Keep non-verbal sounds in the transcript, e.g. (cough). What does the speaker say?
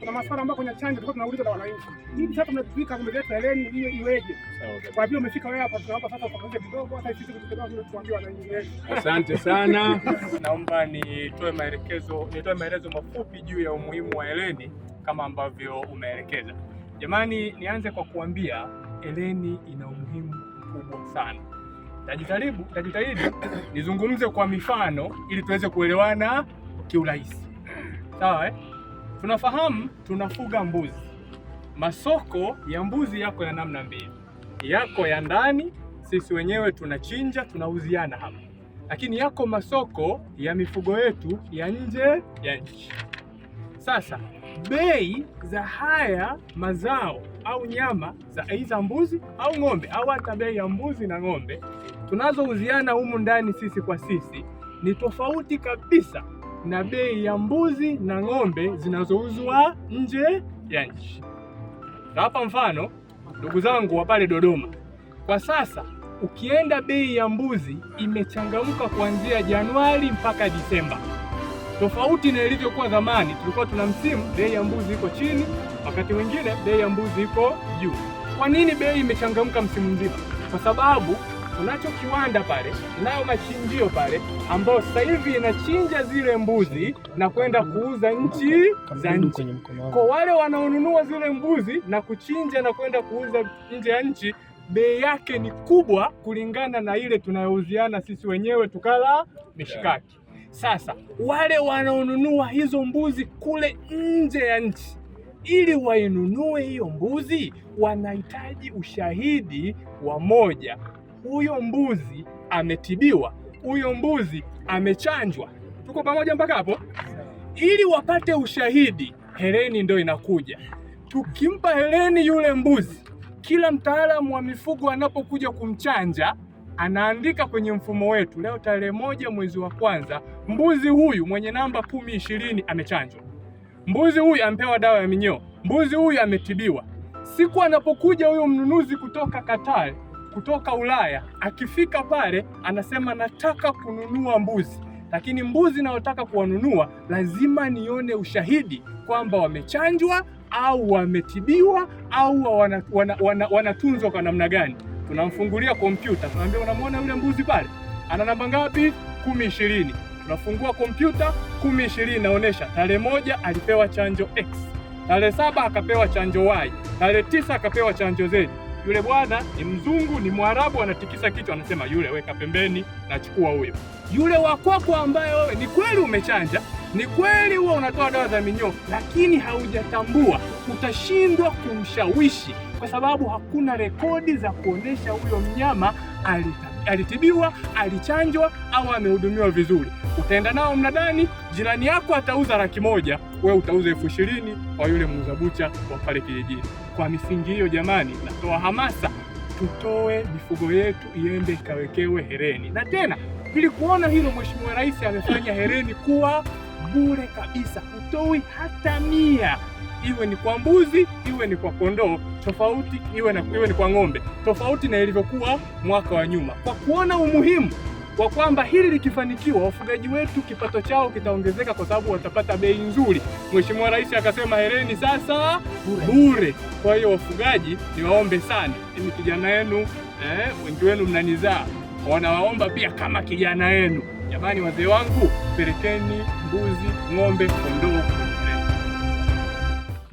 kuna maswala ambayo kwenye chanjo tulikuwa tunauliza na wananchi. Nini sasa tumefika kumeleta leni hiyo iweje? Kwa hiyo umefika wewe hapa tunaomba sasa ufafanuze kidogo hata sisi kutegemea vile tuambie wananchi Asante sana. (laughs) Naomba nitoe maelekezo nitoe maelezo mafupi juu ya umuhimu wa eleni kama ambavyo umeelekeza. Jamani, nianze kwa kuambia eleni ina umuhimu mkubwa sana. Tajitaribu, tajitahidi (coughs) nizungumze kwa mifano ili tuweze kuelewana kiurahisi. Sawa eh? Tunafahamu tunafuga mbuzi. Masoko ya mbuzi yako ya namna mbili, yako ya ndani, sisi wenyewe tunachinja, tunauziana hapa, lakini yako masoko ya mifugo yetu ya nje ya nchi. Sasa bei za haya mazao au nyama za aidha mbuzi au ng'ombe au hata bei ya mbuzi na ng'ombe tunazouziana humu ndani sisi kwa sisi ni tofauti kabisa na bei ya mbuzi na ng'ombe zinazouzwa nje ya nchi. hapa mfano ndugu zangu wa pale Dodoma. Kwa sasa ukienda bei ya mbuzi imechangamka kuanzia Januari mpaka Disemba, tofauti na ilivyokuwa zamani. Tulikuwa tuna msimu, bei ya mbuzi iko chini, wakati mwingine bei ya mbuzi iko juu. Kwa nini bei imechangamka msimu mzima? Kwa sababu unacho kiwanda pale, nao machinjio pale, ambao sasa hivi inachinja zile mbuzi na kwenda kuuza nchi za nje. Kwa wale wanaonunua zile mbuzi na kuchinja na kwenda kuuza nje ya nchi, bei yake ni kubwa kulingana na ile tunayouziana sisi wenyewe tukala mishikaki. Sasa wale wanaonunua hizo mbuzi kule nje ya nchi ili wainunue hiyo mbuzi wanahitaji ushahidi wa moja, huyo mbuzi ametibiwa, huyo mbuzi amechanjwa. Tuko pamoja mpaka hapo? Ili wapate ushahidi, hereni ndio inakuja. Tukimpa hereni yule mbuzi, kila mtaalamu wa mifugo anapokuja kumchanja anaandika kwenye mfumo wetu, leo tarehe moja mwezi wa kwanza, mbuzi huyu mwenye namba kumi ishirini amechanjwa, mbuzi huyu amepewa dawa ya minyoo, mbuzi huyu ametibiwa. Siku anapokuja huyo mnunuzi kutoka Katari kutoka Ulaya akifika pale anasema nataka kununua mbuzi, lakini mbuzi nayotaka kuwanunua lazima nione ushahidi kwamba wamechanjwa au wametibiwa au wanatunzwa wana, wana, wana kwa namna gani. Tunamfungulia kompyuta, tunaambia unamwona yule mbuzi pale, ana namba ngapi? kumi ishirini. Tunafungua kompyuta kumi ishirini, naonesha tarehe moja alipewa chanjo X, tarehe saba akapewa chanjo Y, tarehe tisa akapewa chanjo Z. Yule bwana ni mzungu, ni Mwarabu, anatikisa kichwa, anasema yule weka pembeni, nachukua huyo. Yule wa kwako ambaye wewe ni kweli umechanja, ni kweli huwa unatoa dawa za minyoo, lakini haujatambua, utashindwa kumshawishi kwa sababu hakuna rekodi za kuonyesha huyo mnyama alitibiwa, alichanjwa au amehudumiwa vizuri utaenda nao mnadani, jirani yako atauza laki moja, wewe utauza elfu ishirini kwa yule muuza bucha wa pale kijijini. Kwa misingi hiyo, jamani, natoa hamasa tutoe mifugo yetu iende ikawekewe hereni. Na tena ili kuona hilo, Mheshimiwa Rais amefanya hereni kuwa bure kabisa, hutoi hata mia, iwe ni kwa mbuzi, iwe ni kwa kondoo, tofauti iwe, na, iwe ni kwa ng'ombe, tofauti na ilivyokuwa mwaka wa nyuma, kwa kuona umuhimu kwa kwamba hili likifanikiwa, wafugaji wetu kipato chao kitaongezeka kwa sababu watapata bei nzuri. Mheshimiwa Rais akasema hereni sasa bure. Kwa hiyo wafugaji, niwaombe sana, ni kijana wenu eh, wengi wenu mnanizaa, wanawaomba pia kama kijana wenu, jamani, wazee wangu, pelekeni mbuzi, ng'ombe, kondoo